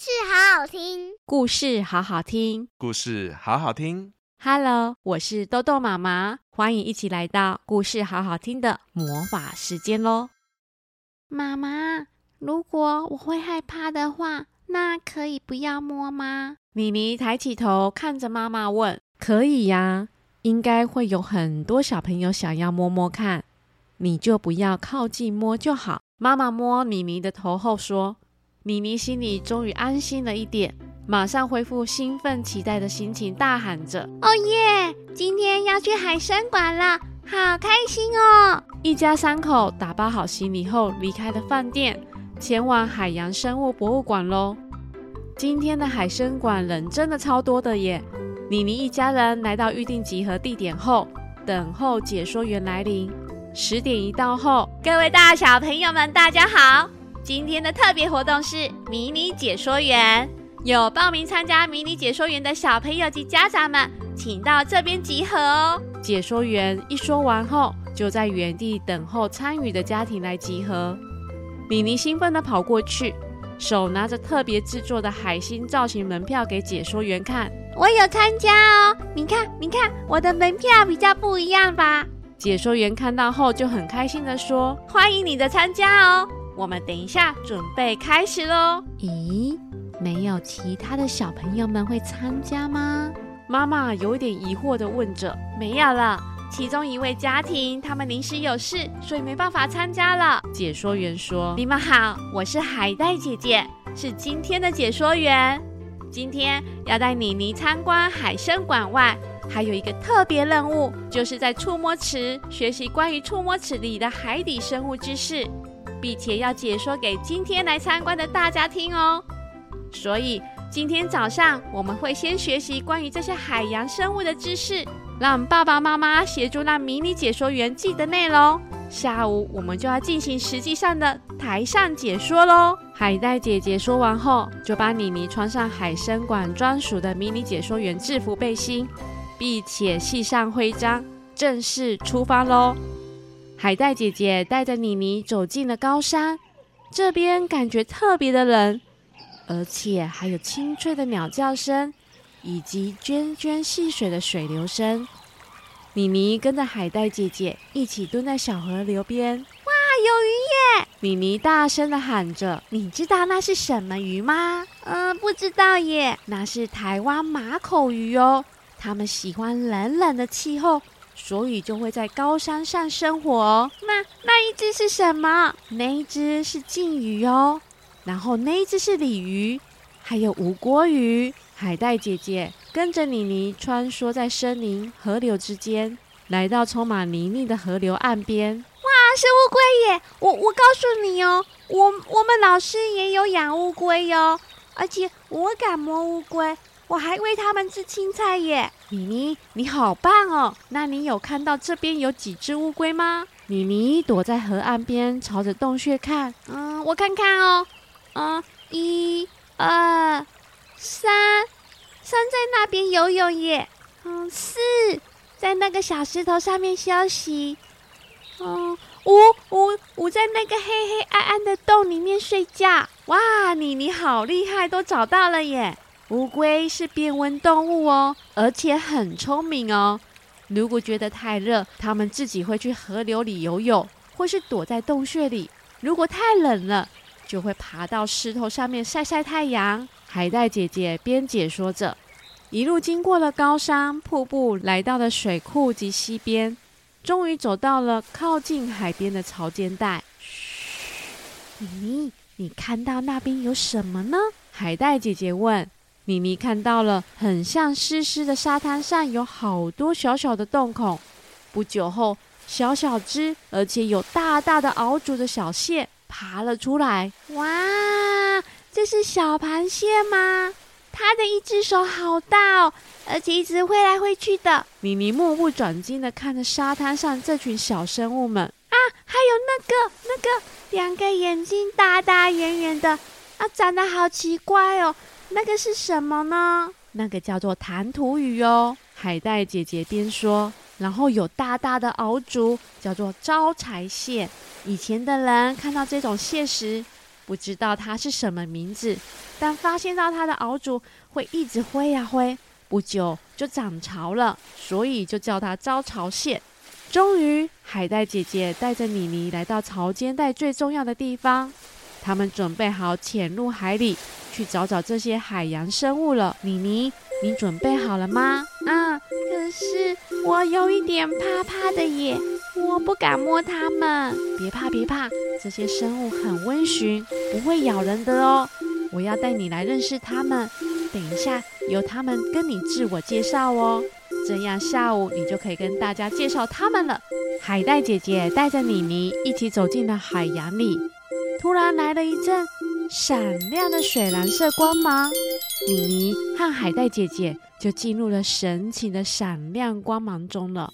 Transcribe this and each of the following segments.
故事好好聽，故事好好聽，故事好好聽。Hello，我是豆豆媽媽，歡迎一起來到故事好好聽的魔法時間嘍。媽媽，如果我會害怕的話，那可以不要摸嗎？妮妮抬起頭看着媽媽問：“可以呀，應該會有很多小朋友想要摸摸看，你就不要靠近摸就好。”媽媽摸妮妮的頭後說。妮妮心裡終於安心了一點，馬上恢復興奮期待的心情，大喊着：“哦耶！今天要去海生館了，好開心哦！”一家三口打包好行李後離開了飯店，前往海洋生物博物館咯。今天的海生館人真的超多的耶！妮妮一家人來到預定集合地點後，等候解說員來臨。十點一到後，各位大小朋友們，大家好。今天的特別活動是迷你解說員，有報名參加迷你解說員的小朋友及家長們，請到這邊集合哦。解說員一說完後，就在原地等候參與的家庭來集合。妮妮興奮地跑過去，手拿着特別製作的海星造型門票給解說員看。我有參加哦，你看，你看，我的門票比較不一樣吧？解說員看到後就很開心的說：“歡迎你的參加哦。”我們等一下準備開始嘍。咦，沒有其他的小朋友們會參加嗎？媽媽有點疑惑的問着。沒有了，其中一位家庭他們臨時有事，所以沒辦法參加了。解說員說：“你們好，我是海帶姐姐，是今天的解說員。今天要帶妮妮參觀海生館外，還有一個特別任務，就是在觸摸池學習關於觸摸池裡的海底生物知識。”並且要解說給今天來參觀的大家聽哦。所以今天早上我們會先學習關於這些海洋生物的知識，讓爸爸媽媽協助讓迷你解說員記得內容。下午我們就要進行實際上的台上解說嘍。海帶姐姐說完後，就把妮妮穿上海生館專屬的迷你解說員制服背心，並且繫上徽章，正式出發嘍。海帶姐姐帶着妮妮走進了高山，這邊感覺特別的冷，而且還有清脆的鳥叫聲，以及涓涓細水的水流聲。妮妮跟着海帶姐姐一起蹲在小河流邊，哇，有魚耶！妮妮大聲地喊着：“你知道那是什麼魚嗎？”“嗯，不知道耶。”“那是台灣馬口魚哦，它們喜歡冷冷的氣候。”所以就會在高山上生活。那那一只是什麼？那一只是鯽魚哦，然後那一只是鯉魚，還有吳郭魚。海帶姐姐跟着妮妮穿梭在森林、河流之間，來到充滿泥濘的河流岸邊。哇，是烏龜耶！我我告訴你哦，我我們老師也有養烏龜哦，而且我敢摸烏龜。我還餵他們吃青菜耶。妮妮，你好棒哦！那你有看到這邊有幾隻烏龜嗎？妮妮躲在河岸邊，朝着洞穴看。嗯，我看看哦。嗯，一、二、三，三在那邊游泳耶。嗯，四在那個小石頭上面休息。嗯，五五五在那個黑黑暗暗的洞裡面睡覺。哇，妮妮好厲害，都找到了耶！烏龜是變溫動物哦，而且很聰明哦。如果覺得太熱，它們自己會去河流裡游泳，或是躲在洞穴裡；如果太冷了，就會爬到石頭上面曬曬太陽。海帶姐姐邊解說着，一路經過了高山、瀑布，來到了水庫及溪邊，終於走到了靠近海邊的潮間帶。噓，妮妮，你看到那邊有什麼呢？海帶姐姐問。米妮看到了，很像濕濕的沙灘上有好多小小的洞孔。不久後，小小只而且有大大的螯足的小蟹爬了出來。哇，這是小螃蟹嗎？它的一只手好大哦，而且一直揮來揮去的。米妮目不轉睛的看着沙灘上這群小生物們。啊，還有那個那個兩個眼睛大大圓圓的，啊，長得好奇怪哦。那個是什麼呢？那個叫做彈塗魚哦。海帶姐姐邊說，然後有大大的螯足，叫做招財蟹。以前的人看到這種蟹時，不知道它是什麼名字，但發現到它的螯足會一直揮呀、啊、揮，不久就漲潮了，所以就叫它招潮蟹。終於，海帶姐姐帶着妮妮來到潮間帶最重要的地方。他們準備好潛入海裡去找找這些海洋生物了。妮妮，你準備好了嗎？啊、嗯，可是我有一點怕怕的耶，我不敢摸它們。別怕，別怕，這些生物很溫馴，不會咬人的哦。我要帶你來認識它們。等一下由他們跟你自我介紹哦，這樣下午你就可以跟大家介紹他們了。海帶姐姐帶着妮妮一起走進了海洋裡。突然來了一陣閃亮的水藍色光芒，妮妮和海帶姐姐就進入了神奇的閃亮光芒中了。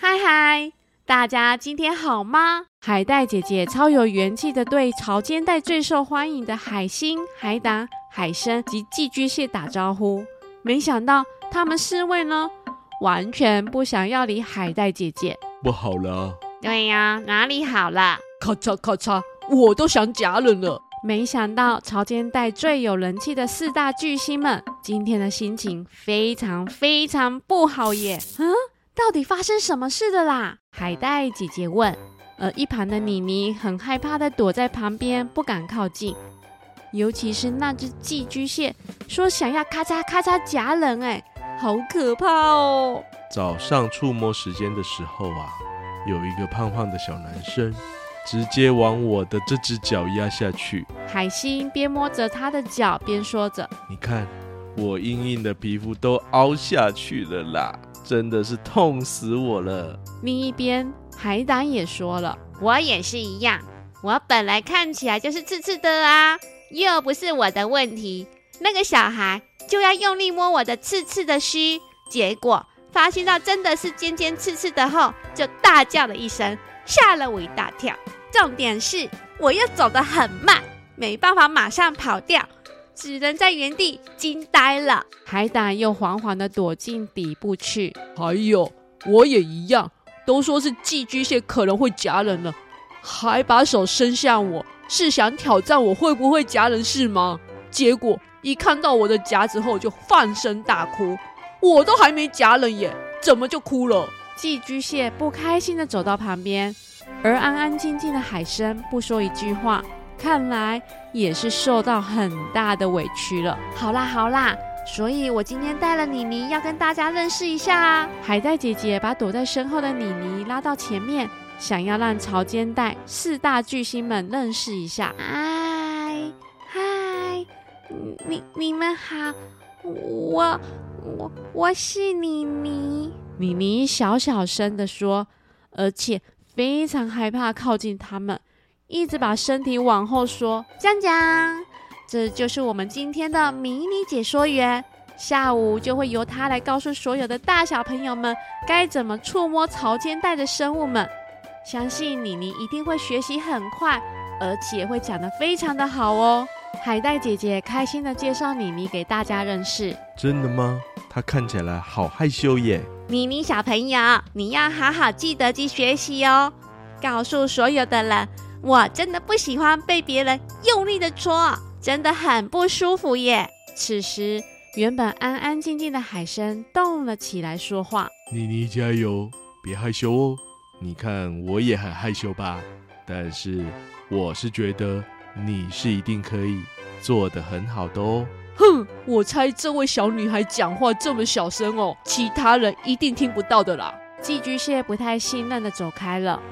嗨嗨，大家今天好嗎？海帶姐姐超有元氣的對潮間帶最受歡迎的海星、海膽、海參及寄居蟹打招呼。沒想到他們四位呢，完全不想要理海帶姐姐。不好了啊！對呀，哪裡好啦？咔嚓咔嚓，我都想夾人了。沒想到潮間帶最有人氣的四大巨星們，今天的心情非常非常不好耶！嗯、 啊，到底發生什麼事的啦？海帶姐姐問。而一旁的妮妮很害怕的躲在旁邊，不敢靠近。尤其是那隻寄居蟹，說想要咔嚓咔嚓夾人，哎，好可怕哦！早上觸摸時間的時候啊。有一個胖胖的小男生，直接往我的這隻腳壓下去。海星邊摸着他的腳邊說着：“你看，我硬硬的皮膚都凹下去了啦，真的是痛死我了。”另一邊，海膽也說了：“我也是一樣，我本來看起來就是刺刺的啊，又不是我的問題。那個小孩就要用力摸我的刺刺的鬚，結果……”發現到真的是尖尖刺刺的後，就大叫了一聲，嚇了我一大跳。重點是，我又走得很慢，沒辦法馬上跑掉，只能在原地驚呆了。海膽又緩緩地躲進底部去。還有，我也一樣，都說是寄居蟹可能會夾人了，還把手伸向我，是想挑戰我會不會夾人是嗎？結果一看到我的夾子後，就放聲大哭。我都還沒夾人耶，怎麼就哭了？寄居蟹不開心地走到旁邊，而安安靜靜的海參不說一句話，看來也是受到很大的委屈了。好啦好啦，所以我今天帶了妮妮，要跟大家認識一下啊。海帶姐姐把躲在身後的妮妮拉到前面，想要讓潮間帶四大巨星們認識一下。嗨嗨，你你們好，我。我我是妮妮，妮妮小小聲的說，而且非常害怕靠近他們，一直把身體往後縮。鏘鏘，這就是我們今天的迷你解說員，下午就會由他來告訴所有的大小朋友們該怎麼觸摸潮間帶的生物們。相信妮妮一定會學習很快，而且會講得非常的好哦。海帶姐姐開心的介紹妮妮給大家認識。真的嗎？他看起來好害羞耶，妮妮小朋友，你要好好記得去學習哦。告訴所有的人，我真的不喜歡被別人用力的戳，真的很不舒服耶。此時，原本安安靜靜的海參動了起來，說話。妮妮加油，別害羞哦。你看我也很害羞吧？但是我是覺得你是一定可以做得很好的哦。哼，我猜這位小女孩講話這麼小聲哦，其他人一定聽不到的啦。寄居蟹不太信任的走開了。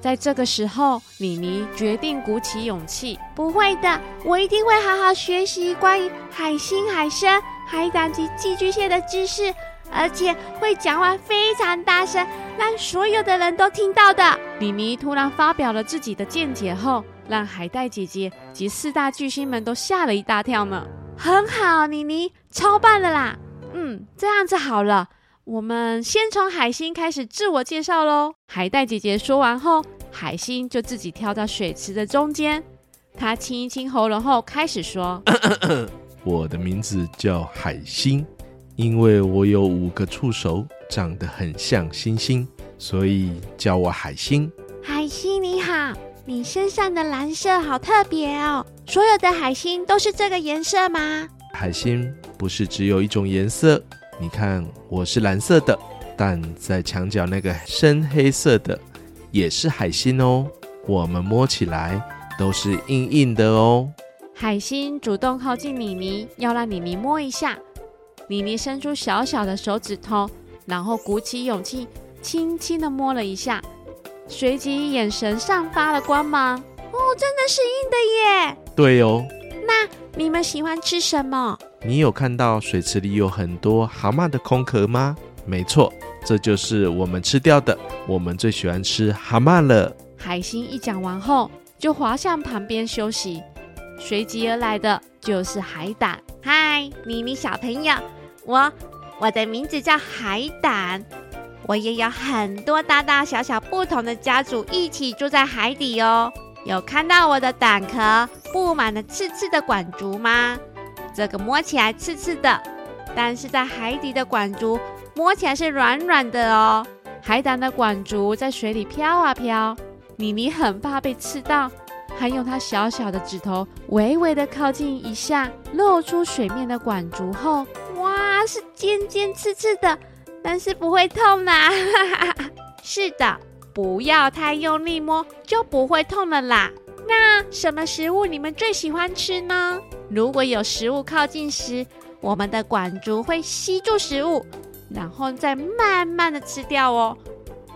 在這個時候，妮妮決定鼓起勇氣。不會的，我一定會好好學習關於海星、海參、海膽及寄居蟹的知識，而且會講話非常大聲，讓所有的人都聽到的。妮妮突然發表了自己的見解後。讓海帶姐姐及四大巨星們都嚇了一大跳呢。很好，妮妮，超棒的啦！嗯，這樣子好了，我們先從海星開始自我介紹嘍。海帶姐姐說完後，海星就自己跳到水池的中間。她清一清喉嚨後，開始說咳咳：“我的名字叫海星，因為我有五個觸手，長得很像星星，所以叫我海星。海星你好。”你身上的藍色好特別哦！所有的海星都是這個顏色嗎？海星不是只有一種顏色。你看，我是藍色的，但在牆角那個深黑色的也是海星哦。我們摸起來都是硬硬的哦。海星主動靠近妮妮，要讓妮妮摸一下。妮妮伸出小小的手指頭，然後鼓起勇氣，輕輕地摸了一下。隨即眼神散發了光芒，哦，真的是硬的耶！對哦，那你們喜歡吃什麼？你有看到水池裡有很多蛤蜊的空殼嗎？沒錯，這就是我們吃掉的。我們最喜歡吃蛤蜊了。海星一講完後，就滑向旁邊休息。隨即而來的就是海膽。嗨，妮妮小朋友，我我的名字叫海膽。我也有很多大大小小不同的家族一起住在海底哦。有看到我的膽殼布滿了刺刺的管足嗎？這個摸起來刺刺的，但是在海底的管足摸起來是軟軟的哦。海膽的管足在水裡飄啊飄，妮妮很怕被刺到，還用她小小的指頭微微的靠近一下，露出水面的管足後，哇，是尖尖刺刺的。但是不會痛啦、啊， 是的，不要太用力摸就不會痛了啦。那什麼食物你們最喜歡吃呢？如果有食物靠近時，我們的管足會吸住食物，然後再慢慢的吃掉哦。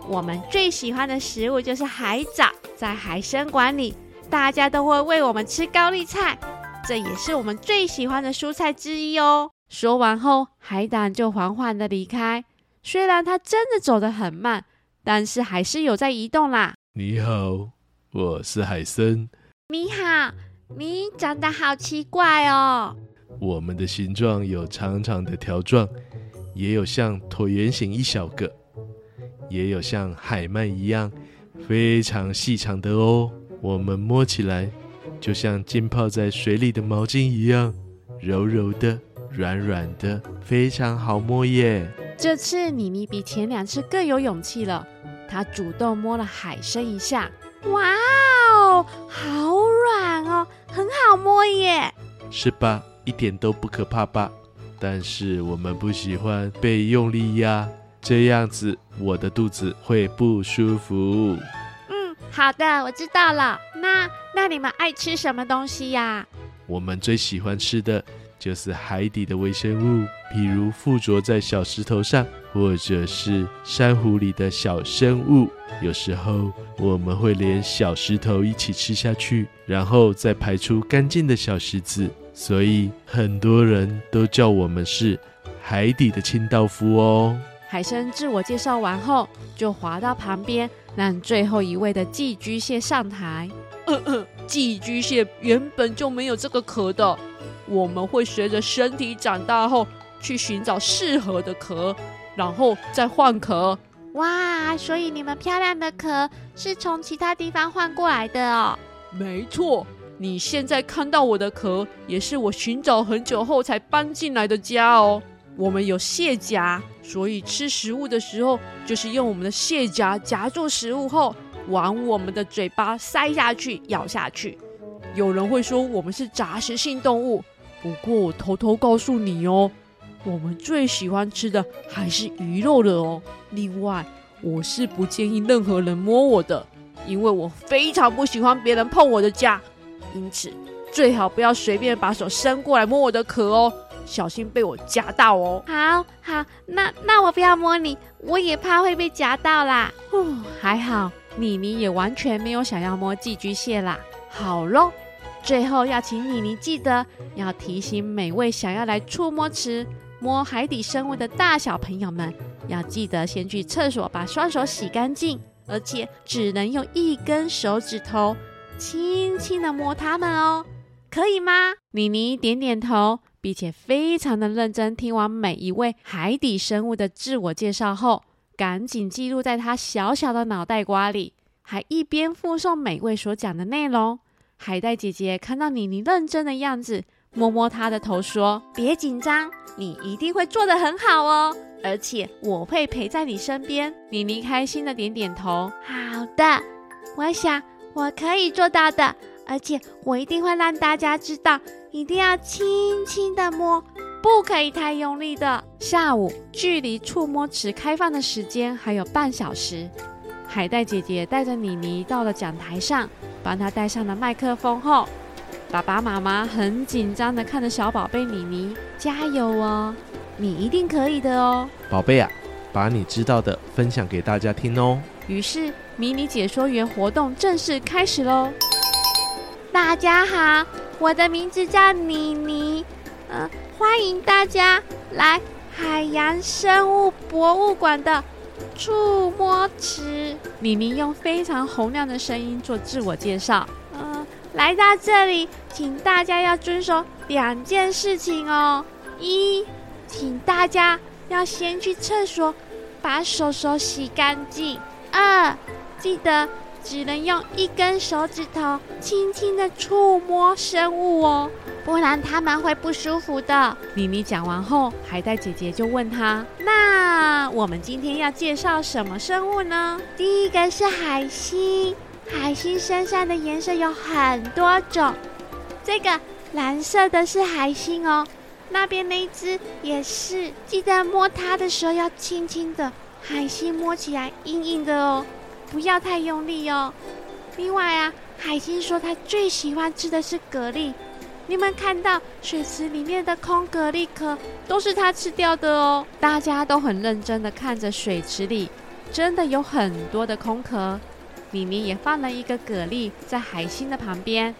我們最喜歡的食物就是海藻，在海生館裡，大家都會餵我們吃高麗菜，這也是我們最喜歡的蔬菜之一哦。說完後，海膽就緩緩的離開。雖然它真的走得很慢，但是還是有在移動啦。你好，我是海參。你好，你長得好奇怪哦。我們的形狀有長長的條狀，也有像橢圓形一小個，也有像海鰻一樣非常細長的哦。我們摸起來就像浸泡在水裡的毛巾一樣，柔柔的、軟軟的，非常好摸耶。這次妮妮比前兩次更有勇氣了，她主動摸了海參一下。哇哦，好軟哦，很好摸耶，是吧？一點都不可怕吧？但是我們不喜歡被用力壓，這樣子我的肚子會不舒服。嗯，好的，我知道了。那那你們愛吃什麼東西呀？啊？我們最喜歡吃的，就是海底的微生物，比如附着在小石頭上，或者是珊瑚裡的小生物。有時候我們會連小石頭一起吃下去，然後再排出乾淨的小石子。所以很多人都叫我們是海底的清道夫哦。海參自我介紹完後，就滑到旁邊，讓最後一位的寄居蟹上台。嗯、呃、嗯、呃，寄居蟹原本就沒有這個殼的。我們會隨着身體長大後，去尋找適合的殼，然後再換殼。哇，所以你們漂亮的殼是從其他地方換過來的哦。沒錯，你現在看到我的殼，也是我尋找很久後才搬進來的家哦。我們有蟹夾，所以吃食物的時候，就是用我們的蟹夾夾住食物後，往我們的嘴巴塞下去，咬下去。有人會說我們是雜食性動物。不過我偷偷告訴你哦，我們最喜歡吃的還是魚肉的哦。另外，我是不建議任何人摸我的，因為我非常不喜歡別人碰我的家，因此，最好不要隨便把手伸過來摸我的殼哦，小心被我夾到哦。好，好，那那我不要摸你，我也怕會被夾到啦。哦，還好，妮妮也完全沒有想要摸寄居蟹啦。好咯最後要請妮妮記得要提醒每位想要來觸摸池摸海底生物的大小朋友們，要記得先去廁所把雙手洗乾淨，而且只能用一根手指頭輕輕的摸它們哦，可以嗎？妮妮點點頭，並且非常的認真聽完每一位海底生物的自我介紹後，趕緊記錄在她小小的腦袋瓜裡，還一邊複誦每位所講的內容。海帶姐姐看到妮妮認真的樣子，摸摸她的頭說：“別緊張，你一定會做得很好哦，而且我會陪在你身邊。”妮妮開心的點點頭：“好的，我想我可以做到的，而且我一定會讓大家知道，一定要輕輕的摸，不可以太用力的。”下午，距離觸摸池開放的時間還有半小時，海帶姐姐帶着妮妮到了講臺上。幫他戴上了麥克風後，爸爸媽媽很緊張的看着小寶貝妮妮，加油哦，你一定可以的哦，寶貝啊，把你知道的分享給大家聽哦。於是，迷你解說員活動正式開始嘍！大家好，我的名字叫妮妮，嗯、呃，歡迎大家來海洋生物博物館的。觸摸池，妮妮用非常洪亮的聲音做自我介紹。嗯、呃，來到這裡，請大家要遵守兩件事情哦。一，請大家要先去廁所，把手手洗乾淨。二，記得。只能用一根手指頭輕輕的觸摸生物哦，不然它們會不舒服的。妮妮講完後，海帶姐姐就問她：“那我們今天要介紹什麼生物呢？”第一個是海星，海星身上的顏色有很多種，這個藍色的是海星哦，那邊那一隻也是。記得摸它的時候要輕輕的，海星摸起來硬硬的哦。不要太用力哦。另外啊，海星說他最喜歡吃的是蛤蜊。你們看到水池裡面的空蛤蜊殼都是他吃掉的哦。大家都很認真的看着水池裡，真的有很多的空殼，裡面也放了一個蛤蜊在海星的旁邊。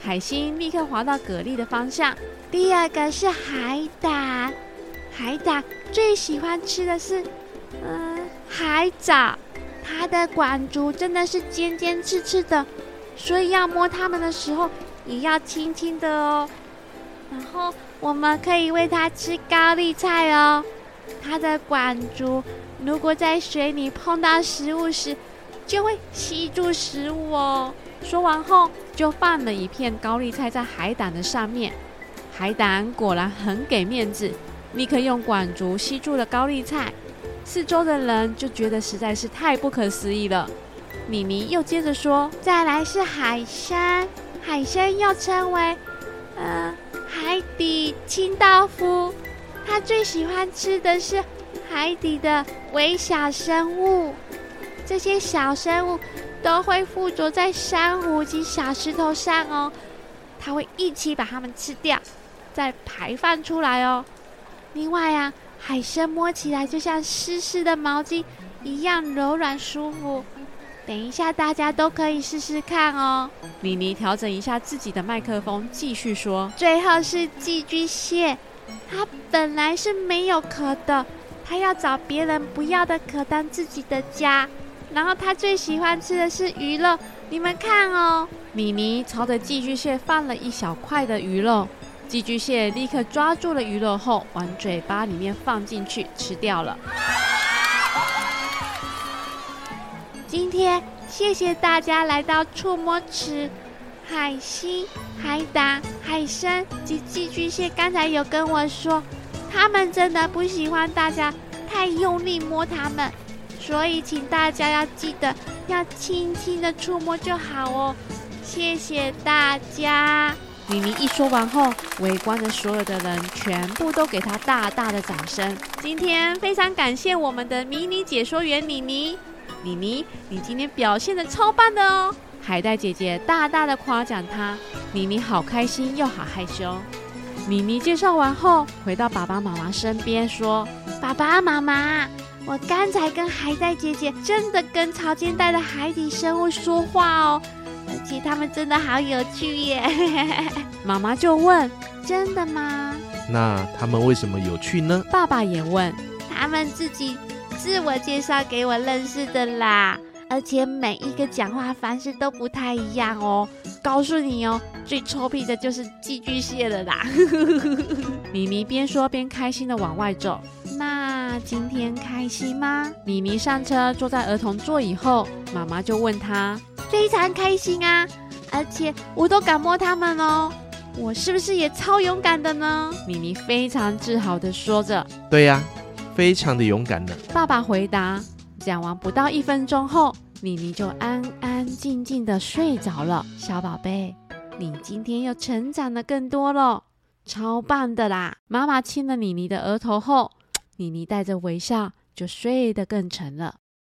海星立刻滑到蛤蜊的方向。第二個是海膽，海膽最喜歡吃的是，嗯，海藻。它的管足真的是尖尖刺刺的，所以要摸它們的時候也要輕輕的哦。然後我們可以餵它吃高麗菜哦。它的管足如果在水裡碰到食物時，就會吸住食物哦。說完後，就放了一片高麗菜在海膽的上面。海膽果然很給面子，立刻用管足吸住了高麗菜。四周的人就覺得實在是太不可思議了。妮妮又接着說：“再來是海參，海參又稱為呃海底清道夫，它最喜歡吃的是海底的微小生物。這些小生物都會附着在珊瑚及小石頭上哦，它會一起把它們吃掉，再排放出來哦。另外呀、啊海參摸起來就像濕濕的毛巾一樣柔軟舒服，等一下大家都可以試試看哦。妮妮調整一下自己的麥克風，繼續說：“最後是寄居蟹，它本來是沒有殼的，它要找別人不要的殼當自己的家。然後它最喜歡吃的是魚肉，你們看哦。”妮妮朝着寄居蟹放了一小塊的魚肉。寄居蟹立刻抓住了魚肉後，往嘴巴裡面放進去吃掉了。今天謝謝大家來到觸摸池，海星、海膽、海參及寄居蟹剛才有跟我說，他們真的不喜歡大家太用力摸他們，所以請大家要記得要輕輕的觸摸就好哦。謝謝大家。妮妮一說完後，圍觀的所有的人全部都給她大大的掌聲。今天非常感謝我們的迷你解說員妮妮，妮妮，你今天表現得超棒的哦！海帶姐姐大大的誇獎她，妮妮好開心又好害羞。妮妮介紹完後，回到爸爸媽媽身邊說：“爸爸媽媽，我剛才跟海帶姐姐真的跟潮間帶的海底生物說話哦。”其實他們真的好有趣耶！ 媽媽就問：“真的嗎？”那他們為什麼有趣呢？爸爸也問：“他們自己自我介紹給我認識的啦，而且每一個講話方式都不太一樣哦。”告訴你哦，最臭屁的就是寄居蟹了啦！妮妮邊說邊開心地往外走。那今天開心嗎？妮妮上車坐在兒童座椅後，媽媽就問她。非常開心啊，而且我都敢摸他們哦，我是不是也超勇敢的呢？妮妮非常自豪地說着。對呀、啊，非常的勇敢呢。爸爸回答。講完不到一分鐘後，妮妮就安安靜靜的睡着了。小寶貝，你今天又成長了更多了，超棒的啦！媽媽親了妮妮的額頭後，妮妮帶着微笑就睡得更沉了。